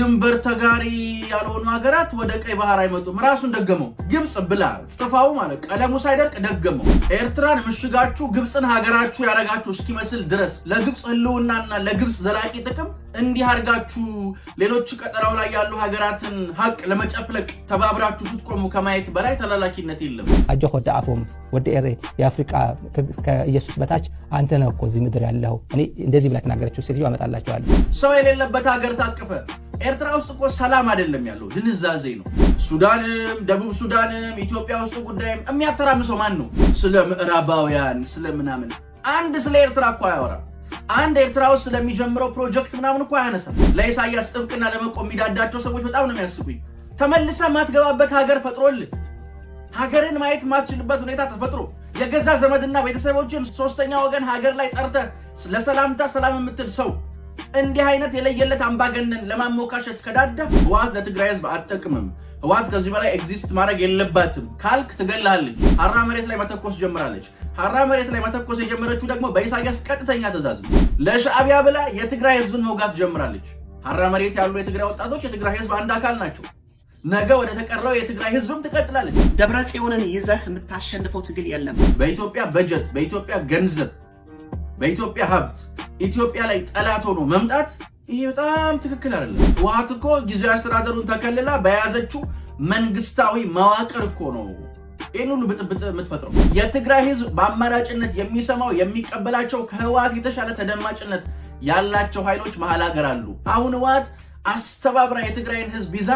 ድንበር ተጋሪ ያልሆኑ ሀገራት ወደ ቀይ ባህር አይመጡም። ራሱን ደገመው። ግብፅ ብላ ጽፋው ማለት ቀለሙ ሳይደርቅ ደገመው። ኤርትራን ምሽጋችሁ ግብፅን ሀገራችሁ ያደረጋችሁ እስኪመስል ድረስ ለግብፅ ህልውናና ለግብፅ ዘላቂ ጥቅም እንዲህ አድርጋችሁ ሌሎች ቀጠናው ላይ ያሉ ሀገራትን ሀቅ ለመጨፍለቅ ተባብራችሁ ስትቆሙ ከማየት በላይ ተላላኪነት የለም። አጆ ወደ አፎም ወደ ኤሬ የአፍሪቃ ከኢየሱስ በታች አንተ ነህ እኮ እዚህ ምድር ያለው እኔ እንደዚህ ብላ ተናገረችው ሴትዮ አመጣላቸዋለሁ። ሰው የሌለበት ሀገር ታቅፈ ኤርትራ ውስጥ እኮ ሰላም አይደለም ያለው፣ ድንዛዜ ነው። ሱዳንም ደቡብ ሱዳንም ኢትዮጵያ ውስጥ ጉዳይም የሚያተራምሰው ማን ነው? ስለ ምዕራባውያን ስለ ምናምን አንድ ስለ ኤርትራ እኮ አያወራም። አንድ ኤርትራ ውስጥ ስለሚጀምረው ፕሮጀክት ምናምን እኮ አያነሳም። ለኢሳያስ ጥብቅና ለመቆም የሚዳዳቸው ሰዎች በጣም ነው የሚያስቡኝ። ተመልሰ ማትገባበት ሀገር ፈጥሮል ሀገርን ማየት ማትችልበት ሁኔታ ተፈጥሮ የገዛ ዘመድና ቤተሰቦችን ሶስተኛ ወገን ሀገር ላይ ጠርተ ለሰላምታ ሰላም የምትል ሰው እንዲህ አይነት የለየለት አምባገነን ለማሞካሸት ከዳዳ ህወሓት ለትግራይ ህዝብ አትጠቅምም። ህወሓት ከዚህ በላይ ኤግዚስት ማድረግ የለባትም ካልክ ትገላለች። ሀራ መሬት ላይ መተኮስ ጀምራለች። ሀራ መሬት ላይ መተኮስ የጀመረችው ደግሞ በኢሳያስ ቀጥተኛ ትእዛዝ ነው። ለሻዕቢያ ብላ የትግራይ ህዝብን መውጋት ጀምራለች። ሀራ መሬት ያሉ የትግራይ ወጣቶች የትግራይ ህዝብ አንድ አካል ናቸው። ነገ ወደ ተቀረው የትግራይ ህዝብም ትቀጥላለች። ደብረ ጽዮንን ይዘህ የምታሸንፈው ትግል የለም። በኢትዮጵያ በጀት፣ በኢትዮጵያ ገንዘብ፣ በኢትዮጵያ ሀብት ኢትዮጵያ ላይ ጠላት ሆኖ መምጣት ይሄ በጣም ትክክል አይደለም። ህወሓት እኮ ጊዜያዊ አስተዳደሩን ተከልላ በያዘችው መንግስታዊ መዋቅር እኮ ነው ይህን ሁሉ ብጥብጥ የምትፈጥረው። የትግራይ ህዝብ በአማራጭነት የሚሰማው የሚቀበላቸው ከህወሓት የተሻለ ተደማጭነት ያላቸው ኃይሎች መሀል ሀገር አሉ። አሁን ህወሓት አስተባብራ የትግራይን ህዝብ ይዛ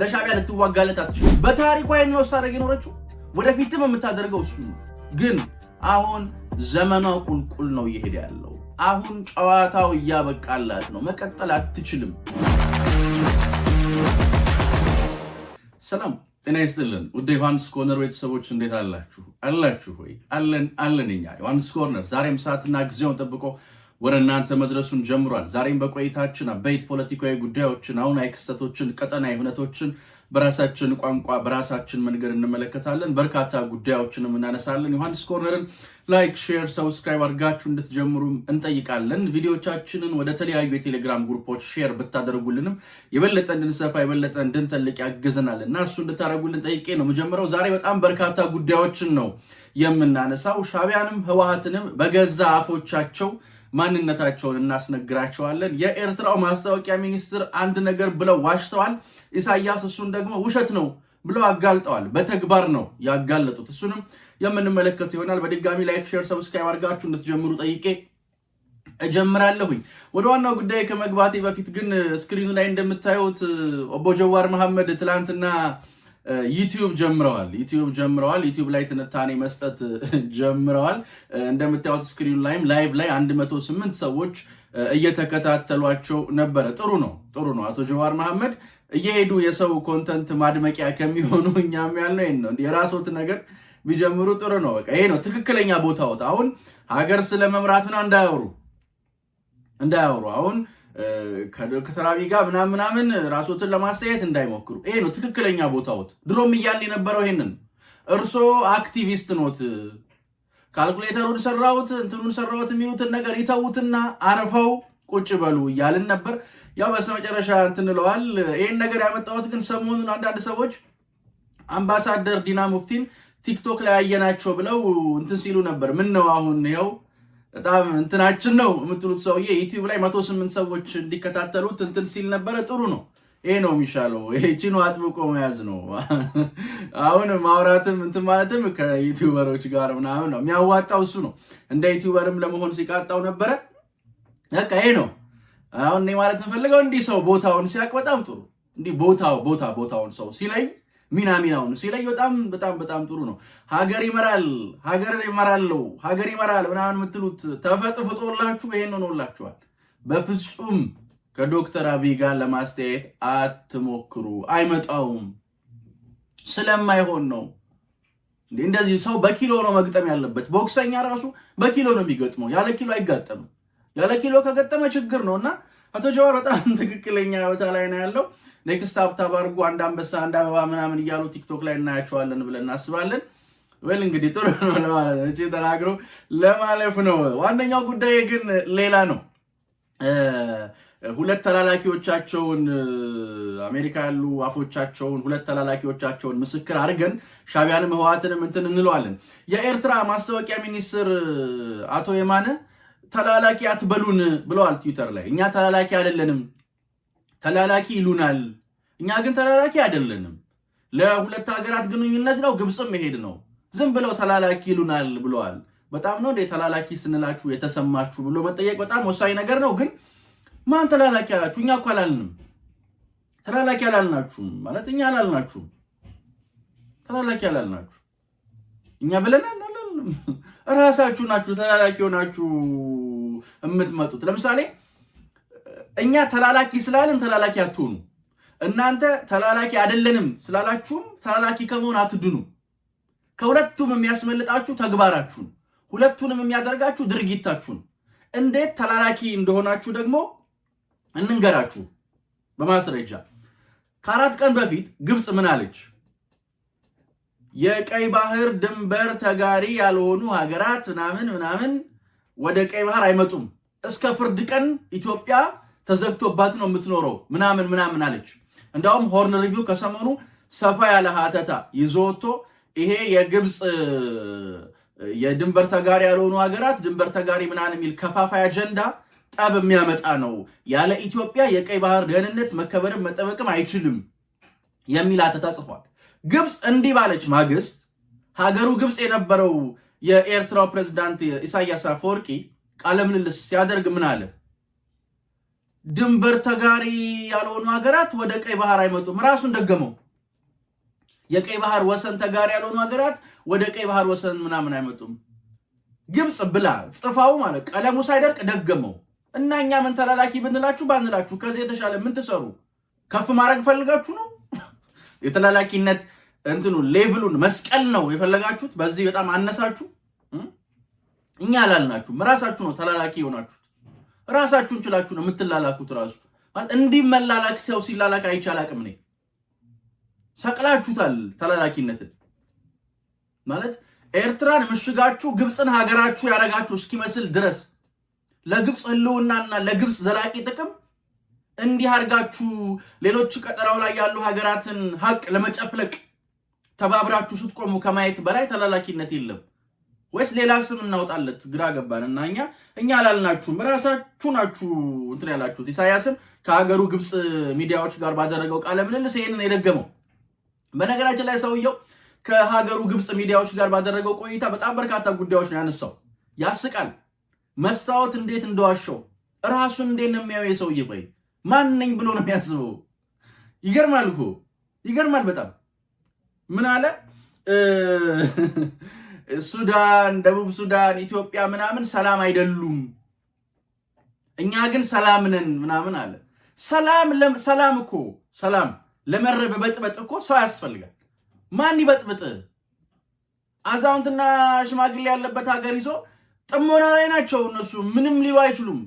ለሻቢያ ልትዋጋለት አትችል። በታሪኳ ይህን ስታደርግ የኖረችው ወደፊትም የምታደርገው እሱ ነው ግን አሁን ዘመኗ ቁልቁል ነው እየሄደ ያለው። አሁን ጨዋታው እያበቃላት ነው፣ መቀጠል አትችልም። ሰላም ጤና ይስጥልን ውድ ዮሐንስ ኮርነር ቤተሰቦች እንዴት አላችሁ? አላችሁ ወይ? አለን አለን። እኛ ዮሐንስ ኮርነር ዛሬም ሰዓትና ጊዜውን ጠብቆ ወደ እናንተ መድረሱን ጀምሯል። ዛሬም በቆይታችን አበይት ፖለቲካዊ ጉዳዮችን፣ አሁናዊ ክስተቶችን፣ ቀጠናዊ ሁነቶችን በራሳችን ቋንቋ በራሳችን መንገድ እንመለከታለን። በርካታ ጉዳዮችንም እናነሳለን። ዮሐንስ ኮርነርን ላይክ፣ ሼር፣ ሰብስክራይብ አድርጋችሁ እንድትጀምሩ እንጠይቃለን። ቪዲዮቻችንን ወደ ተለያዩ የቴሌግራም ግሩፖች ሼር ብታደርጉልንም የበለጠ እንድንሰፋ የበለጠ እንድንተልቅ ያግዘናል እና እሱ እንድታደርጉልን ጠይቄ ነው የምጀምረው። ዛሬ በጣም በርካታ ጉዳዮችን ነው የምናነሳው። ሻቢያንም ህወሓትንም በገዛ አፎቻቸው ማንነታቸውን እናስነግራቸዋለን። የኤርትራው ማስታወቂያ ሚኒስትር አንድ ነገር ብለው ዋሽተዋል። ኢሳያስ እሱን ደግሞ ውሸት ነው ብለው አጋልጠዋል። በተግባር ነው ያጋለጡት። እሱንም የምንመለከት ይሆናል። በድጋሚ ላይክ፣ ሼር፣ ሰብስክራይብ አድርጋችሁ እንድትጀምሩ ጠይቄ እጀምራለሁኝ። ወደ ዋናው ጉዳይ ከመግባቴ በፊት ግን ስክሪኑ ላይ እንደምታዩት ኦቦ ጀዋር መሐመድ ትላንትና ዩቲዩብ ጀምረዋል። ዩቲዩብ ጀምረዋል። ዩቲዩብ ላይ ትንታኔ መስጠት ጀምረዋል። እንደምታዩት ስክሪኑ ላይም ላይቭ ላይ 108 ሰዎች እየተከታተሏቸው ነበረ። ጥሩ ነው፣ ጥሩ ነው። አቶ ጀዋር መሐመድ እየሄዱ የሰው ኮንተንት ማድመቂያ ከሚሆኑ እኛም ያልነው ይሄን ነው። የራስዎት ነገር ቢጀምሩ ጥሩ ነው። በቃ ይሄ ነው ትክክለኛ ቦታዎት። አሁን ሀገር ስለመምራት ምናምን እንዳያወሩ እንዳያወሩ አሁን ከተራቢ ጋር ምናምን ምናምን ራስዎትን ለማስተያየት እንዳይሞክሩ። ይሄ ነው ትክክለኛ ቦታዎት። ድሮም እያልን የነበረው ይሄንን እርሶ አክቲቪስት ኖት። ካልኩሌተሩን ሰራሁት እንትኑን ሰራሁት የሚሉትን ነገር ይተዉትና አርፈው ቁጭ በሉ እያልን ነበር። ያው በስተመጨረሻ እንትን እንለዋል። ይህን ነገር ያመጣሁት ግን ሰሞኑን አንዳንድ ሰዎች አምባሳደር ዲና ሙፍቲን ቲክቶክ ላይ ያየናቸው ብለው እንትን ሲሉ ነበር። ምን ነው አሁን ይኸው በጣም እንትናችን ነው የምትሉት ሰውዬ ዩቲዩብ ላይ መቶ ስምንት ሰዎች እንዲከታተሉት እንትን ሲል ነበረ። ጥሩ ነው። ይሄ ነው የሚሻለው። ይችኑ አጥብቆ መያዝ ነው። አሁን ማውራትም እንትን ማለትም ከዩቲዩበሮች ጋር ምናምን ነው የሚያዋጣው። እሱ ነው እንደ ዩቲዩበርም ለመሆን ሲቃጣው ነበረ። በቃ ይሄ ነው። አሁን እኔ ማለት ተፈልገው እንዲህ ሰው ቦታውን ሲያውቅ በጣም ጥሩ እንዲህ ቦታው ቦታ ቦታውን ሰው ሲለይ ሚና ሚናውን ሲለይ በጣም በጣም በጣም ጥሩ ነው። ሀገር ይመራል ሀገር ይመራለው ሀገር ይመራል ምናምን የምትሉት ተፈጥፍጦላችሁ ይሄን ሆኖላችኋል። በፍጹም ከዶክተር አብይ ጋር ለማስተያየት አትሞክሩ። አይመጣውም፣ ስለማይሆን ነው። እንደዚህ ሰው በኪሎ ነው መግጠም ያለበት። ቦክሰኛ ራሱ በኪሎ ነው የሚገጥመው፣ ያለ ኪሎ አይጋጠምም። ያለ ኪሎ ከገጠመ ችግር ነው እና አቶ ጀዋር በጣም ትክክለኛ ቦታ ላይ ነው ያለው። ኔክስት ሀብታብ አድርጎ አንድ አንበሳ አንድ አበባ ምናምን እያሉ ቲክቶክ ላይ እናያቸዋለን ብለን እናስባለን። ወል እንግዲህ ጥሩ ነው ተናግሮ ለማለፍ ነው። ዋነኛው ጉዳይ ግን ሌላ ነው። ሁለት ተላላኪዎቻቸውን አሜሪካ ያሉ አፎቻቸውን ሁለት ተላላኪዎቻቸውን ምስክር አድርገን ሻቢያንም ህወሓትንም እንትን እንለዋለን። የኤርትራ ማስታወቂያ ሚኒስትር አቶ የማነ ተላላኪ አትበሉን ብለዋል ትዊተር ላይ። እኛ ተላላኪ አይደለንም፣ ተላላኪ ይሉናል። እኛ ግን ተላላኪ አይደለንም። ለሁለት ሀገራት ግንኙነት ነው ግብፅም መሄድ ነው። ዝም ብለው ተላላኪ ይሉናል ብለዋል። በጣም ነው እንደ ተላላኪ ስንላችሁ የተሰማችሁ ብሎ መጠየቅ በጣም ወሳኝ ነገር ነው። ግን ማን ተላላኪ አላችሁ? እኛ እኮ አላልንም። ተላላኪ አላልናችሁም ማለት እኛ አላልናችሁም። ተላላኪ አላልናችሁ እኛ ብለናል አላልንም። እራሳችሁ ናችሁ ተላላኪ ሆናችሁ የምትመጡት። ለምሳሌ እኛ ተላላኪ ስላልን ተላላኪ አትሆኑ። እናንተ ተላላኪ አይደለንም ስላላችሁም ተላላኪ ከመሆን አትድኑ። ከሁለቱም የሚያስመልጣችሁ ተግባራችሁን፣ ሁለቱንም የሚያደርጋችሁ ድርጊታችሁን። እንዴት ተላላኪ እንደሆናችሁ ደግሞ እንንገራችሁ በማስረጃ ከአራት ቀን በፊት ግብፅ ምን አለች? የቀይ ባህር ድንበር ተጋሪ ያልሆኑ ሀገራት ምናምን ምናምን ወደ ቀይ ባህር አይመጡም፣ እስከ ፍርድ ቀን ኢትዮጵያ ተዘግቶባት ነው የምትኖረው ምናምን ምናምን አለች። እንዳውም ሆርን ሪቪው ከሰሞኑ ሰፋ ያለ ሀተታ ይዞ ወጥቶ ይሄ የግብፅ የድንበር ተጋሪ ያልሆኑ ሀገራት ድንበር ተጋሪ ምናምን የሚል ከፋፋይ አጀንዳ ጠብ የሚያመጣ ነው፣ ያለ ኢትዮጵያ የቀይ ባህር ደህንነት መከበርም መጠበቅም አይችልም የሚል ሀተታ ጽፏል። ግብፅ እንዲህ ባለች ማግስት ሀገሩ ግብፅ የነበረው የኤርትራው ፕሬዝዳንት ኢሳያስ አፈወርቂ ቃለ ምልልስ ሲያደርግ ምን አለ? ድንበር ተጋሪ ያልሆኑ ሀገራት ወደ ቀይ ባህር አይመጡም። ራሱን ደገመው። የቀይ ባህር ወሰን ተጋሪ ያልሆኑ ሀገራት ወደ ቀይ ባህር ወሰን ምናምን አይመጡም። ግብፅ ብላ ጽፋው ማለት ቀለሙ ሳይደርቅ ደገመው እና እኛ ምን ተላላኪ ብንላችሁ ባንላችሁ ከዚህ የተሻለ ምን ትሰሩ? ከፍ ማድረግ ፈልጋችሁ ነው የተላላኪነት እንትኑ ሌቭሉን መስቀል ነው የፈለጋችሁት። በዚህ በጣም አነሳችሁ። እኛ አላልናችሁም፣ ራሳችሁ ነው ተላላኪ የሆናችሁት። ራሳችሁን ችላችሁ ነው የምትላላኩት። ራሱ ማለት እንዲህ መላላክ ሰው ሲላላክ አይቻላቅም። አቅም ሰቅላችሁታል። ተላላኪነትን ማለት ኤርትራን ምሽጋችሁ ግብፅን ሀገራችሁ ያደረጋችሁ እስኪመስል ድረስ ለግብፅ ህልውናና ለግብፅ ዘላቂ ጥቅም እንዲህ አድርጋችሁ ሌሎች ቀጠናው ላይ ያሉ ሀገራትን ሀቅ ለመጨፍለቅ ተባብራችሁ ስትቆሙ ከማየት በላይ ተላላኪነት የለም ወይስ ሌላ ስም እናወጣለት? ግራ ገባን እና እኛ እኛ አላልናችሁም፣ ራሳችሁ ናችሁ እንትን ያላችሁት። ኢሳያስም ከሀገሩ ግብፅ ሚዲያዎች ጋር ባደረገው ቃለ ምልልስ ይህንን የደገመው። በነገራችን ላይ ሰውየው ከሀገሩ ግብፅ ሚዲያዎች ጋር ባደረገው ቆይታ በጣም በርካታ ጉዳዮች ነው ያነሳው። ያስቃል። መስታወት እንዴት እንደዋሸው ራሱን እንዴት ነው የሚያየው የሰውዬ? ቆይ ማን ነኝ ብሎ ነው የሚያስበው? ይገርማል እኮ ይገርማል በጣም ምን አለ ሱዳን፣ ደቡብ ሱዳን፣ ኢትዮጵያ ምናምን ሰላም አይደሉም፣ እኛ ግን ሰላም ነን ምናምን አለ። ሰላም ሰላም እኮ ሰላም በበጥበጥ እኮ ሰው ያስፈልጋል። ማን ይበጥብጥ? አዛውንትና ሽማግሌ ያለበት ሀገር ይዞ ጥሞና ላይ ናቸው እነሱ። ምንም ሊሉ አይችሉም።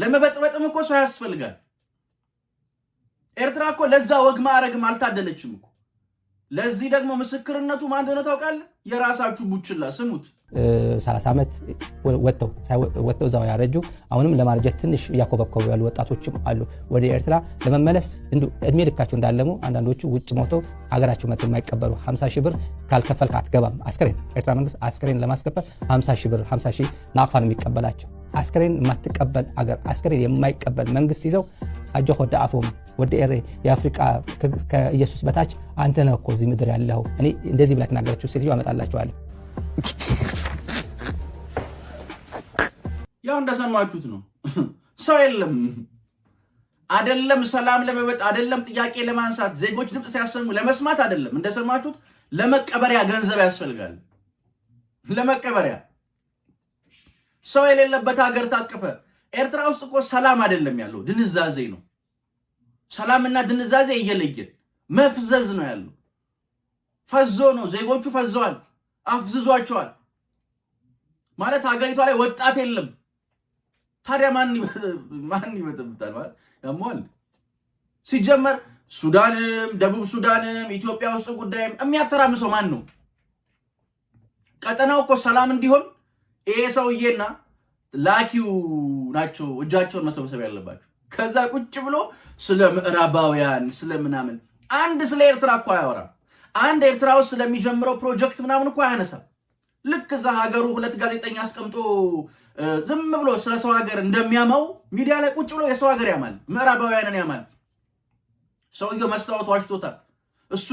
ለመበጥበጥም እኮ ሰው ያስፈልጋል። ኤርትራ እኮ ለዛ ወግ ማዕረግም አልታደለችም እኮ ለዚህ ደግሞ ምስክርነቱ ማን እንደሆነ ታውቃለህ? የራሳችሁ ቡችላ ስሙት። 30 ዓመት ወጥተው እዛው ያረጁ አሁንም ለማረጀት ትንሽ እያኮበኮቡ ያሉ ወጣቶችም አሉ። ወደ ኤርትራ ለመመለስ እድሜ ልካቸው እንዳለሙ አንዳንዶቹ ውጭ ሞተው አገራቸው መጥተው የማይቀበሉ 50 ሺህ ብር ካልከፈልክ አትገባም። አስክሬን ኤርትራ መንግስት አስክሬን ለማስከፈል 50 ሺህ ብር 50 ሺህ ነው የሚቀበላቸው። አስከሬን የማትቀበል አገር አስከሬን የማይቀበል መንግስት ይዘው አጆህ ወደ አፎም ወደ ኤሬ የአፍሪቃ ከኢየሱስ በታች አንተ ነው እኮ እዚህ ምድር ያለው እኔ እንደዚህ ብላ ተናገረችው። ሴትዮ አመጣላችኋለሁ። ያው እንደሰማችሁት ነው። ሰው የለም አደለም፣ ሰላም ለመበጥ አደለም፣ ጥያቄ ለማንሳት ዜጎች ድምፅ ሲያሰሙ ለመስማት አደለም፣ እንደሰማችሁት ለመቀበሪያ ገንዘብ ያስፈልጋል ለመቀበሪያ ሰው የሌለበት ሀገር ታቀፈ። ኤርትራ ውስጥ እኮ ሰላም አይደለም ያለው፣ ድንዛዜ ነው። ሰላምና ድንዛዜ እየለየን መፍዘዝ ነው ያለው። ፈዞ ነው ዜጎቹ ፈዘዋል፣ አፍዝዟቸዋል። ማለት ሀገሪቷ ላይ ወጣት የለም። ታዲያ ማን ይበጠብጣል? ያሟል። ሲጀመር ሱዳንም ደቡብ ሱዳንም ኢትዮጵያ ውስጥ ጉዳይም የሚያተራምሰው ማን ነው? ቀጠናው እኮ ሰላም እንዲሆን ይሄ ሰውዬና ላኪው ናቸው እጃቸውን መሰብሰብ ያለባቸው። ከዛ ቁጭ ብሎ ስለ ምዕራባውያን ስለ ምናምን አንድ ስለ ኤርትራ እኮ አያወራም። አንድ ኤርትራ ውስጥ ስለሚጀምረው ፕሮጀክት ምናምን እኮ አያነሳም። ልክ እዛ ሀገሩ ሁለት ጋዜጠኛ አስቀምጦ ዝም ብሎ ስለ ሰው ሀገር እንደሚያማው ሚዲያ ላይ ቁጭ ብሎ የሰው ሀገር ያማል፣ ምዕራባውያንን ያማል። ሰውየው መስታወት ዋሽቶታል። እሱ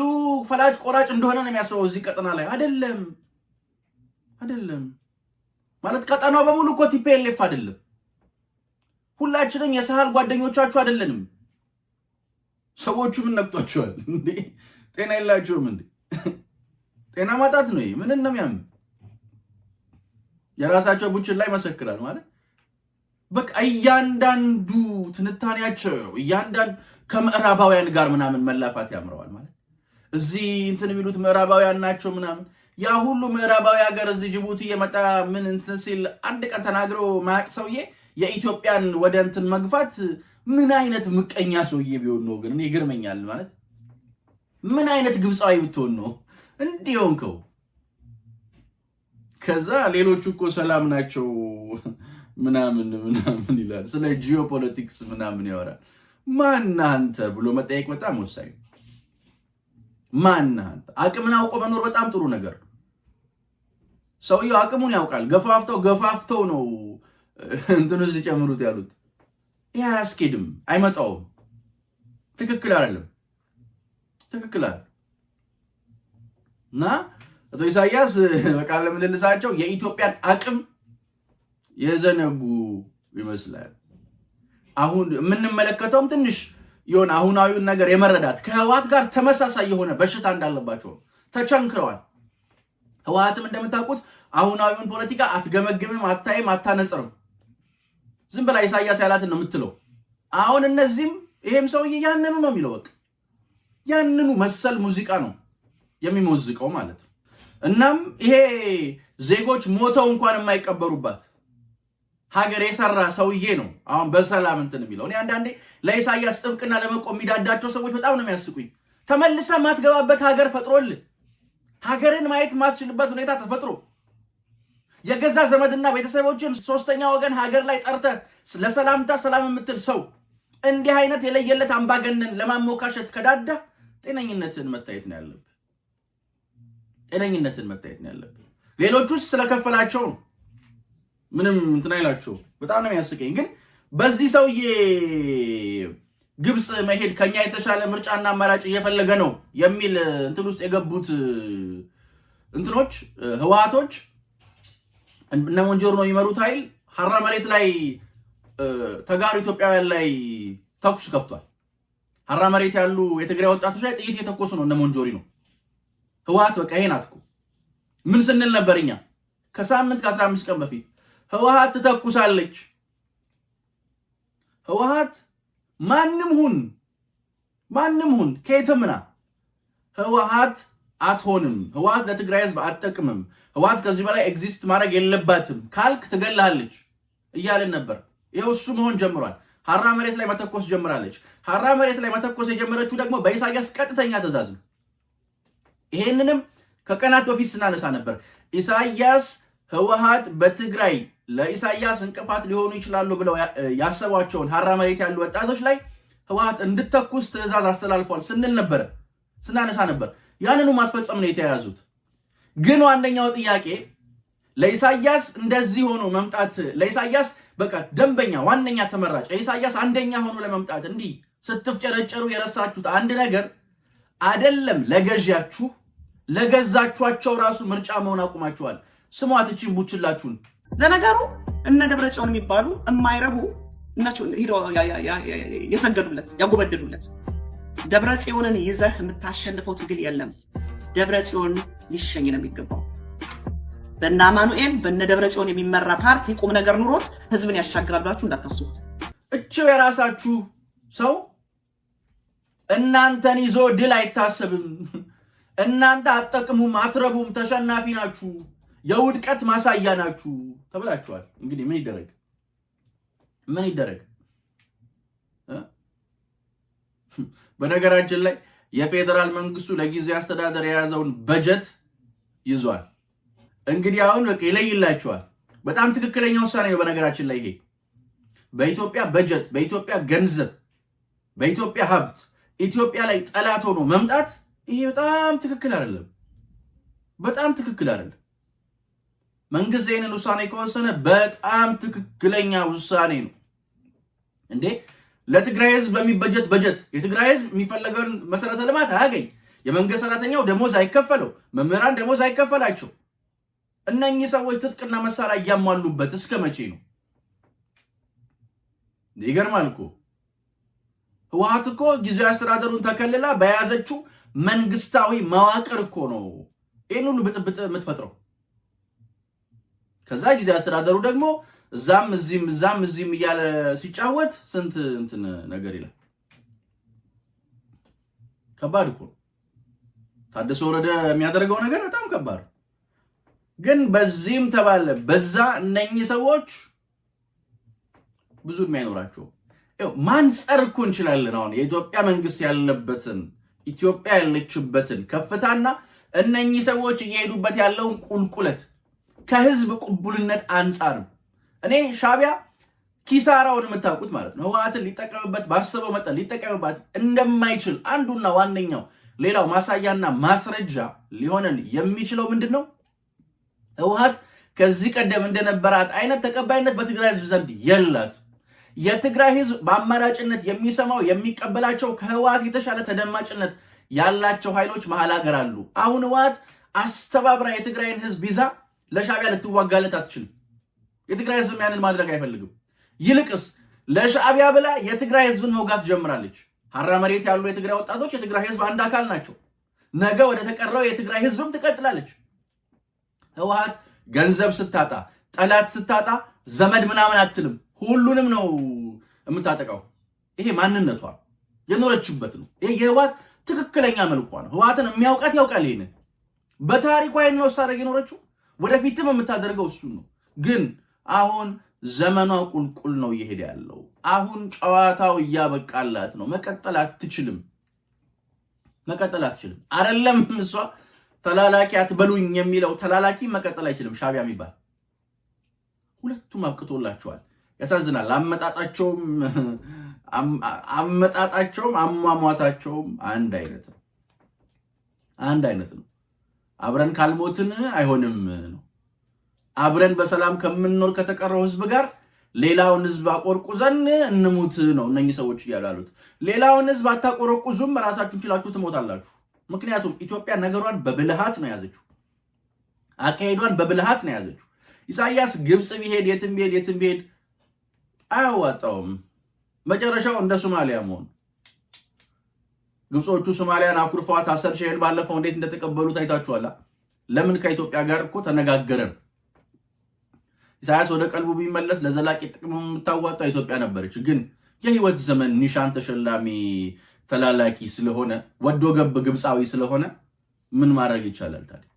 ፈላጭ ቆራጭ እንደሆነ ነው የሚያስበው። እዚህ ቀጠና ላይ አይደለም አይደለም። ማለት ቀጠናው በሙሉ እኮ ቲፒኤልኤፍ አይደለም። ሁላችንም የሳህል ጓደኞቻችሁ አይደለንም። ሰዎቹ ምን እንዴ? ጤና የላቸውም እንዴ? ጤና ማጣት ነው። ምን እንደሚያምን የራሳቸው ቡችን ላይ መሰክራል ማለት በቃ እያንዳንዱ ትንታኔያቸው እያንዳንዱ ከምዕራባውያን ጋር ምናምን መላፋት ያምረዋል ማለት እዚህ እንትን የሚሉት ምዕራባውያን ናቸው ምናምን ያ ሁሉ ምዕራባዊ ሀገር እዚህ ጅቡቲ የመጣ ምን እንትን ሲል አንድ ቀን ተናግሮ ማያቅ ሰውዬ የኢትዮጵያን ወደ እንትን መግፋት ምን አይነት ምቀኛ ሰውዬ ቢሆን ነው ግን? ይገርመኛል። ማለት ምን አይነት ግብፃዊ ብትሆን ነው እንዲህ ሆንከው? ከዛ ሌሎቹ እኮ ሰላም ናቸው ምናምን ምናምን ይላል። ስለ ጂኦፖለቲክስ ምናምን ያወራል። ማን አንተ ብሎ መጠየቅ በጣም ወሳኝ ማናት? አቅምን አውቆ መኖር በጣም ጥሩ ነገር ነው። ሰውየው አቅሙን ያውቃል። ገፋፍተው ገፋፍተው ነው እንትኑ ሲጨምሩት ያሉት። ይህ አያስኬድም፣ አይመጣውም። ትክክል አይደለም። ትክክል አለ እና አቶ ኢሳያስ በቃለ ምልልሳቸው የኢትዮጵያን አቅም የዘነጉ ይመስላል። አሁን የምንመለከተውም ትንሽ የሆነ አሁናዊውን ነገር የመረዳት ከህወሓት ጋር ተመሳሳይ የሆነ በሽታ እንዳለባቸው ተቸንክረዋል። ህወሓትም እንደምታውቁት አሁናዊውን ፖለቲካ አትገመግምም፣ አታይም፣ አታነጽርም። ዝም ብላ ኢሳያስ ያላትን ነው የምትለው። አሁን እነዚህም ይሄም ሰውዬ ያንኑ ነው የሚለው። በቃ ያንኑ መሰል ሙዚቃ ነው የሚሞዝቀው ማለት ነው። እናም ይሄ ዜጎች ሞተው እንኳን የማይቀበሩባት ሀገር የሰራ ሰውዬ ነው አሁን በሰላም እንትን የሚለው። እኔ አንዳንዴ ለኢሳያስ ጥብቅና ለመቆም የሚዳዳቸው ሰዎች በጣም ነው የሚያስቁኝ። ተመልሰ ማትገባበት ሀገር ፈጥሮል። ሀገርን ማየት ማትችልበት ሁኔታ ተፈጥሮ የገዛ ዘመድና ቤተሰቦችን ሶስተኛ ወገን ሀገር ላይ ጠርተ ለሰላምታ ሰላም የምትል ሰው እንዲህ አይነት የለየለት አምባገነን ለማሞካሸት ከዳዳ ጤነኝነትን መታየት ነው ያለብህ። ጤነኝነትን መታየት ነው ያለብህ። ሌሎቹ ስለከፈላቸው ነው። ምንም እንትን አይላቸው። በጣም ነው የሚያስቀኝ። ግን በዚህ ሰውዬ ግብፅ መሄድ ከኛ የተሻለ ምርጫና አማራጭ እየፈለገ ነው የሚል እንትን ውስጥ የገቡት እንትኖች ህወሓቶች እነ ሞንጆር ነው የሚመሩት ኃይል ሀራ መሬት ላይ ተጋሩ ኢትዮጵያውያን ላይ ተኩስ ከፍቷል። ሀራ መሬት ያሉ የትግራይ ወጣቶች ላይ ጥይት እየተኮሱ ነው እነ ሞንጆሪ ነው ህወሓት በቃ ይሄ ምን ስንል ነበር እኛ ከሳምንት ከአስራ አምስት ቀን በፊት ህወሀት ትተኩሳለች። ህወሀት ማንም ሁን ማንም ሁን ከየትምና ህወሀት አትሆንም። ህወሀት ለትግራይ ህዝብ አትጠቅምም። ህወሀት ከዚህ በላይ ኤግዚስት ማድረግ የለባትም ካልክ ትገላለች እያልን ነበር። ይኸው እሱ መሆን ጀምሯል። ሀራ መሬት ላይ መተኮስ ጀምራለች። ሀራ መሬት ላይ መተኮስ የጀመረችው ደግሞ በኢሳያስ ቀጥተኛ ትእዛዝ ነው። ይሄንንም ከቀናት በፊት ስናነሳ ነበር። ኢሳያስ ህወሀት በትግራይ ለኢሳያስ እንቅፋት ሊሆኑ ይችላሉ ብለው ያሰቧቸውን ሀራ መሬት ያሉ ወጣቶች ላይ ህወሓት እንድተኩስ ትዕዛዝ አስተላልፏል ስንል ነበረ፣ ስናነሳ ነበር። ያንኑ ማስፈጸም ነው የተያያዙት። ግን ዋነኛው ጥያቄ ለኢሳያስ እንደዚህ ሆኖ መምጣት ለኢሳያስ በቃ ደንበኛ ዋነኛ ተመራጭ ለኢሳያስ አንደኛ ሆኖ ለመምጣት እንዲህ ስትፍጨረጨሩ የረሳችሁት አንድ ነገር አደለም፣ ለገዣችሁ ለገዛችኋቸው ራሱ ምርጫ መሆን አቁማችኋል። ስሟት እቺን ቡችላችሁን ለነገሩ እነ ደብረ ጽዮን የሚባሉ የማይረቡ የሰገዱለት ያጎበደዱለት ደብረ ጽዮንን ይዘህ የምታሸንፈው ትግል የለም። ደብረ ጽዮን ሊሸኝ ነው የሚገባው። በእነ አማኑኤል በእነ ደብረ ጽዮን የሚመራ ፓርቲ ቁም ነገር ኑሮት ህዝብን ያሻግራላችሁ ብላችሁ እንዳታስቡት። እችው የራሳችሁ ሰው እናንተን ይዞ ድል አይታሰብም። እናንተ አትጠቅሙም፣ አትረቡም፣ ተሸናፊ ናችሁ የውድቀት ማሳያ ናችሁ ተብላችኋል። እንግዲህ ምን ይደረግ ምን ይደረግ። በነገራችን ላይ የፌዴራል መንግስቱ ለጊዜ አስተዳደር የያዘውን በጀት ይዟል። እንግዲህ አሁን በቃ ይለይላችኋል። በጣም ትክክለኛ ውሳኔ ነው። በነገራችን ላይ ይሄ በኢትዮጵያ በጀት፣ በኢትዮጵያ ገንዘብ፣ በኢትዮጵያ ሀብት ኢትዮጵያ ላይ ጠላት ሆኖ መምጣት ይሄ በጣም ትክክል አይደለም። በጣም ትክክል አይደለም። መንግስት ይህንን ውሳኔ ከወሰነ በጣም ትክክለኛ ውሳኔ ነው እንዴ። ለትግራይ ህዝብ በሚበጀት በጀት የትግራይ ህዝብ የሚፈለገውን መሰረተ ልማት አያገኝ። የመንግስት ሰራተኛው ደሞዝ አይከፈለው፣ መምህራን ደሞዝ አይከፈላቸው። እነኚህ ሰዎች ትጥቅና መሳሪያ እያሟሉበት እስከ መቼ ነው? ይገርማል እኮ ህወሓት እኮ ጊዜያዊ አስተዳደሩን ተከልላ በያዘችው መንግስታዊ መዋቅር እኮ ነው ይህን ሁሉ ብጥብጥ የምትፈጥረው። ከዛ ጊዜ አስተዳደሩ ደግሞ እዛም እዚህም እዛም እዚህም እያለ ሲጫወት ስንት እንትን ነገር ይላል። ከባድ እኮ ታደሰ ወረደ የሚያደርገው ነገር በጣም ከባድ ግን፣ በዚህም ተባለ በዛ እነኚህ ሰዎች ብዙ የሚያይኖራቸው ማንጸር እኮ እንችላለን። አሁን የኢትዮጵያ መንግስት ያለበትን ኢትዮጵያ ያለችበትን ከፍታና እነኚህ ሰዎች እየሄዱበት ያለውን ቁልቁለት ከህዝብ ቁቡልነት አንጻር ነው። እኔ ሻቢያ ኪሳራውን የምታውቁት ማለት ነው። ህወሓትን ሊጠቀምበት ባሰበው መጠን ሊጠቀምባት እንደማይችል አንዱና ዋነኛው ሌላው ማሳያና ማስረጃ ሊሆነን የሚችለው ምንድን ነው? ህወሓት ከዚህ ቀደም እንደነበራት አይነት ተቀባይነት በትግራይ ህዝብ ዘንድ የላት። የትግራይ ህዝብ በአማራጭነት የሚሰማው የሚቀበላቸው ከህወሓት የተሻለ ተደማጭነት ያላቸው ኃይሎች መሀል ሀገር አሉ። አሁን ህወሓት አስተባብራ የትግራይን ህዝብ ይዛ ለሻዕቢያ ልትዋጋለት አትችልም። የትግራይ ህዝብም ያንን ማድረግ አይፈልግም። ይልቅስ ለሻዕቢያ ብላ የትግራይ ህዝብን መውጋት ጀምራለች። ሀራ መሬት ያሉ የትግራይ ወጣቶች የትግራይ ህዝብ አንድ አካል ናቸው። ነገ ወደ ተቀረው የትግራይ ህዝብም ትቀጥላለች። ህወሓት ገንዘብ ስታጣ፣ ጠላት ስታጣ፣ ዘመድ ምናምን አትልም። ሁሉንም ነው የምታጠቃው። ይሄ ማንነቷ የኖረችበት ነው። ይሄ የህወሓት ትክክለኛ መልኳ ነው። ህወሓትን የሚያውቃት ያውቃል። ይህንን በታሪኳ ይህንን ውስጥ የኖረችው ወደፊትም የምታደርገው እሱ ነው። ግን አሁን ዘመኗ ቁልቁል ነው እየሄደ ያለው። አሁን ጨዋታው እያበቃላት ነው። መቀጠል አትችልም፣ መቀጠል አትችልም። አደለም እሷ ተላላኪ አትበሉኝ የሚለው ተላላኪ መቀጠል አይችልም። ሻቢያ የሚባል ሁለቱም አብቅቶላቸዋል። ያሳዝናል። አመጣጣቸውም አመጣጣቸውም አሟሟታቸውም አንድ አይነት ነው፣ አንድ አይነት ነው። አብረን ካልሞትን አይሆንም ነው። አብረን በሰላም ከምንኖር ከተቀረው ህዝብ ጋር ሌላውን ህዝብ አቆርቁዘን እንሙት ነው እነኚህ ሰዎች እያሉ ያሉት። ሌላውን ህዝብ አታቆረቁዙም፣ ራሳችሁን ችላችሁ ትሞታላችሁ። ምክንያቱም ኢትዮጵያ ነገሯን በብልሃት ነው ያዘችው፣ አካሄዷን በብልሃት ነው ያዘችው። ኢሳያስ ግብፅ ቢሄድ የትም ቢሄድ የትም ቢሄድ አያዋጣውም። መጨረሻው እንደ ሶማሊያ መሆን ግብጾቹ ሶማሊያን አኩርፈዋት አሰር ሼህን ባለፈው እንዴት እንደተቀበሉት አይታችኋላ። ለምን ከኢትዮጵያ ጋር እኮ ተነጋገረን። ኢሳያስ ወደ ቀልቡ ቢመለስ ለዘላቂ ጥቅም የምታዋጣ ኢትዮጵያ ነበረች። ግን የህይወት ዘመን ኒሻን ተሸላሚ ተላላኪ ስለሆነ ወዶ ገብ ግብፃዊ ስለሆነ ምን ማድረግ ይቻላል ታዲያ?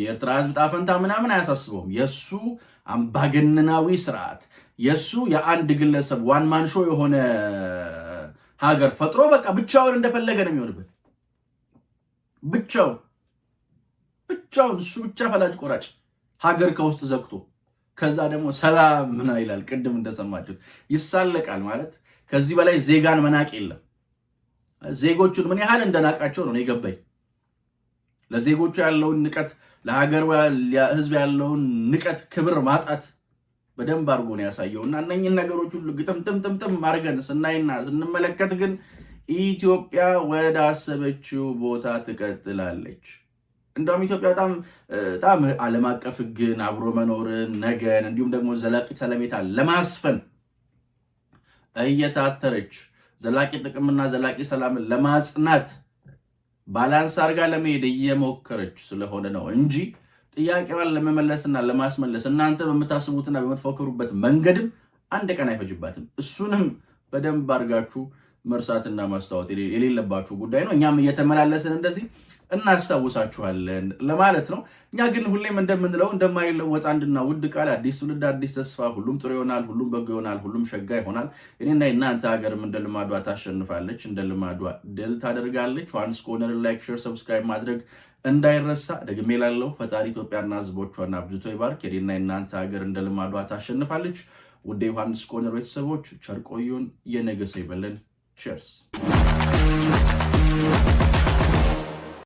የኤርትራ ህዝብ ጣፈንታ ምናምን አያሳስበውም። የእሱ አምባገነናዊ ስርዓት የእሱ የአንድ ግለሰብ ዋን ማንሾ የሆነ ሀገር ፈጥሮ በቃ ብቻውን እንደፈለገ ነው የሚሆንበት። ብቻው ብቻውን እሱ ብቻ ፈላጭ ቆራጭ ሀገር ከውስጥ ዘግቶ ከዛ ደግሞ ሰላም ምና ይላል። ቅድም እንደሰማችሁት ይሳለቃል ማለት ከዚህ በላይ ዜጋን መናቅ የለም። ዜጎቹን ምን ያህል እንደናቃቸው ነው የገባኝ። ለዜጎቹ ያለውን ንቀት፣ ለሀገር ህዝብ ያለውን ንቀት፣ ክብር ማጣት በደንብ አድርጎ ነው ያሳየው እና እነኝን ነገሮች ሁሉ ግጥምጥምጥምጥም አድርገን ስናይና ስንመለከት ግን ኢትዮጵያ ወደ አሰበችው ቦታ ትቀጥላለች። እንደውም ኢትዮጵያ በጣም በጣም ዓለም አቀፍ ሕግን አብሮ መኖርን ነገን እንዲሁም ደግሞ ዘላቂ ሰለሜታ ለማስፈን እየታተረች ዘላቂ ጥቅምና ዘላቂ ሰላምን ለማጽናት ባላንስ አድርጋ ለመሄድ እየሞከረች ስለሆነ ነው እንጂ ጥያቄዋን ለመመለስና ለማስመለስ እናንተ በምታስቡትና በምትፎክሩበት መንገድም አንድ ቀን አይፈጅባትም። እሱንም በደንብ አድርጋችሁ መርሳትና ማስታወት የሌለባችሁ ጉዳይ ነው። እኛም እየተመላለስን እንደዚህ እናስታውሳችኋለን ለማለት ነው። እኛ ግን ሁሌም እንደምንለው እንደማይለወጥ አንድና ውድ ቃል አዲስ ትውልድ አዲስ ተስፋ፣ ሁሉም ጥሩ ይሆናል፣ ሁሉም በጎ ይሆናል፣ ሁሉም ሸጋ ይሆናል። እኔና እናንተ ሀገርም እንደ ልማዷ ታሸንፋለች፣ እንደ ልማዷ ድል ታደርጋለች። ዮሐንስ ኮርነር ላይክ፣ ሼር፣ ሰብስክራይብ ማድረግ እንዳይረሳ ደግሜ ላለው ፈጣሪ ኢትዮጵያና ሕዝቦቿን ብዙቶ ይባርክ። የኔና የናንተ ሀገር እንደ ልማዷ ታሸንፋለች። ውድ ዮሐንስ ኮርነር ቤተሰቦች ቸርቆዩን የነገሰ ይበለን። ቸርስ